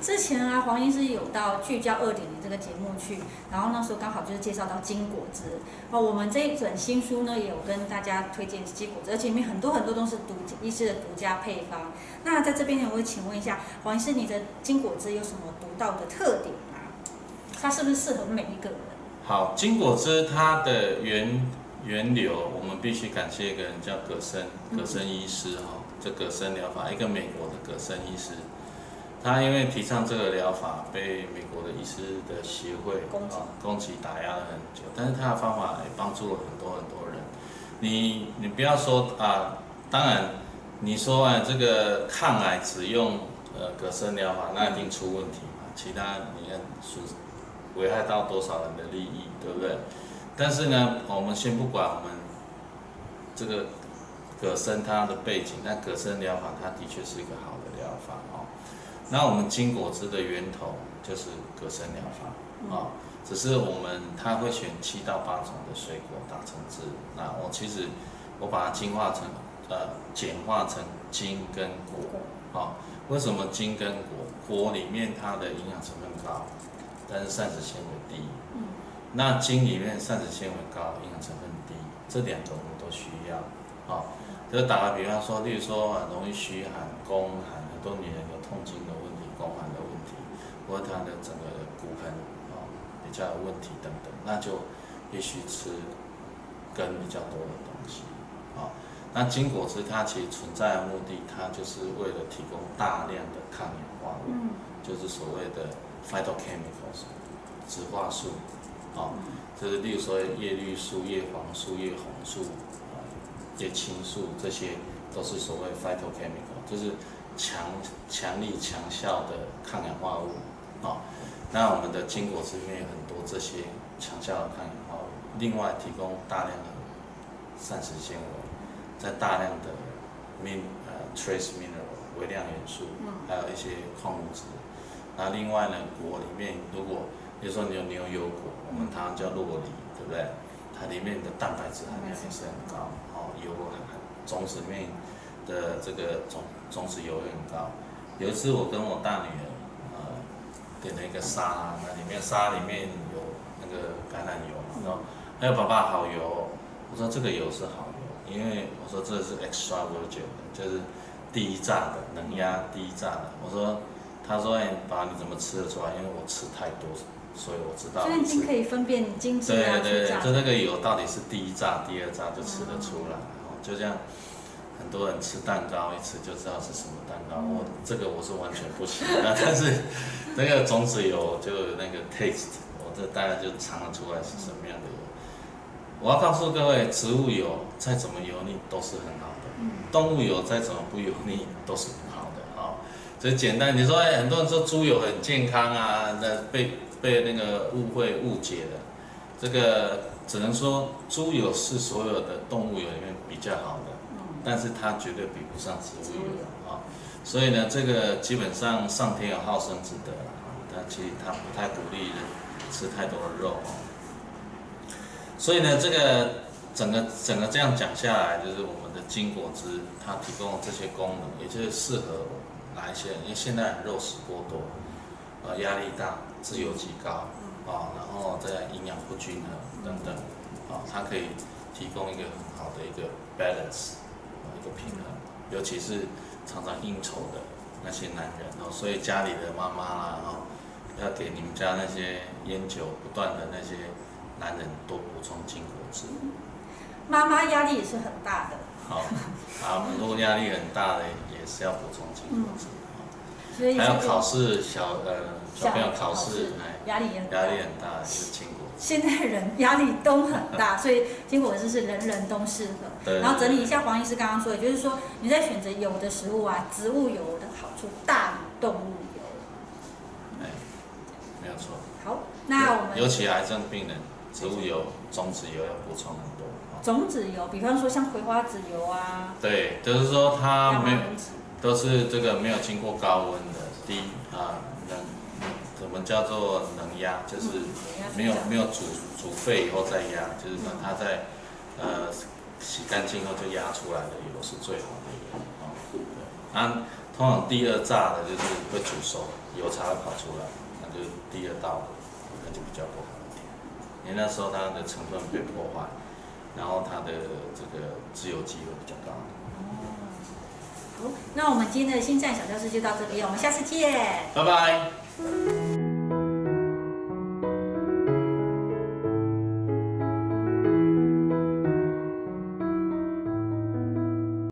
之前啊，黃醫師有到聚焦二點零這個節目去，然後那時候剛好就是介紹到莖果汁哦。我們這一本新書呢，也有跟大家推薦莖果汁，而且裡面很多很多都是獨醫師的獨家配方。那在這邊呢，我會請問一下黃醫師，你的莖果汁有什麼獨到的特點嗎？它是不是適合每一個人？好，莖果汁它的源源流，我們必須感謝一個人叫葛森，葛森醫師哈，這、嗯、葛森療法，一個美國的葛森醫師。他因為提倡這個療法，被美國的醫師的協會啊攻擊打壓了很久。但是他的方法也幫助了很多很多人。你你不要說啊，當然你說啊，這個抗癌只用呃葛森療法，那一定出問題嘛？其他你看是危害到多少人的利益，對不對？但是呢，我們先不管我們這個葛森它的背景，但葛森療法它的確是一個好的療法。那我們莖果汁的源頭就是葛森療法啊，只是我們他會選七到八種的水果打成汁。那我其實我把它精化成呃簡化成莖跟果，啊，為什麼莖跟果果裡面它的營養成分高，但是膳食纖維低。那莖裡面膳食纖維高，營養成分低，這兩種我們都需要。啊，就打個比方說，例如說很容易虛寒、宮寒。很多女人有痛經的問題、宮寒的問題，或者她的整個的骨盆啊、哦、比較有問題等等，那就必須吃根比較多的東西啊、哦。那莖果汁它其實存在的目的，它就是為了提供大量的抗氧化物，嗯、就是所謂的 phytochemicals，植化素啊，哦嗯、就是例如說葉綠素、葉黃素、葉紅素、葉青素，這些都是所謂 phytochemical，就是。強、強力、強效的抗氧化物，哦，那我們的莖果裡面有很多這些強效的抗氧化物，另外提供大量的膳食纖維，在大量的 min, 呃 trace mineral 微量元素，還有一些礦物質。那另外呢，果裡面如果，比如說你有牛油果，我們台灣叫酪梨，對不對？它裡面的蛋白質含量也是很高，哦，油果，種子裡面。的這個總棕櫚油很高。有一次我跟我大女兒，呃，點了一個沙拉，那裡面沙拉裡面有那個橄欖油，然後還有爸爸好油。我說，這個油是好油，因為我說，這是 extra virgin，就是第一榨的，能壓第一榨的。我說，他說，哎、欸，爸你怎麼吃得出來？因為我吃太多，所以我知道現在已經可以分辨精神。對對對，就那個油到底是第一榨、第二榨，就吃得出來，嗯、就這樣。很多人吃蛋糕一吃就知道是什麼蛋糕，嗯、我這個我是完全不行啊。但是那個種子油就那個 taste，我這大家就嘗得出來是什麼樣的油。我要告訴各位，植物油再怎麼油膩都是很好的，嗯、動物油再怎麼不油膩都是不好的啊。哦、所以簡單，你說、欸、很多人說豬油很健康啊，那被被那個誤會誤解了。這個只能說豬油是所有的動物油裡面比較好的。但是它絕對比不上植物油啊，哦，所以呢，這個基本上上天有好生之德，哦，但其實它不太鼓勵人吃太多的肉，哦，所以呢，這個整個整個這樣講下來，就是我們的莖果汁，它提供這些功能，也就是適合哪一些人？因為現在肉食過多，呃、哦，壓力大，自由基高啊，哦，然後再營養不均衡等等啊，哦，它可以提供一個很好的一個 balance。不平衡，尤其是常常應酬的那些男人哦，所以家裡的媽媽啦，要給你們家那些菸酒不斷的那些男人多補充莖果汁。媽媽壓力也是很大的。好，啊，我們 如果壓力很大的，也是要補充莖果汁。嗯還有考試小呃小朋友考試，壓力壓力很大，就莖果。現在人壓力都很大，所以莖果是是人人都適合。然後整理一下黃醫師剛剛說的，就是說你在選擇油的食物啊，植物油的好處大於動物油。哎，沒有錯。好，那我們尤其癌症病人，植物油、種子油要補充很多。種子油，比方說像葵花籽油啊。對，就是說它沒有。都是這個沒有經過高溫的低啊，冷怎麼叫做冷壓？就是沒有沒有煮煮沸以後再壓，就是說它在呃洗乾淨後就壓出來的油是最好的油，哦，對啊。通常第二榨的就是會煮熟，油渣會跑出來，那就第二道，那就比較不好的點，因為那時候它的成分被破壞，然後它的這個自由基會比較高。好，那我們今天的星戰小教室就到這邊，我們下次見，拜拜。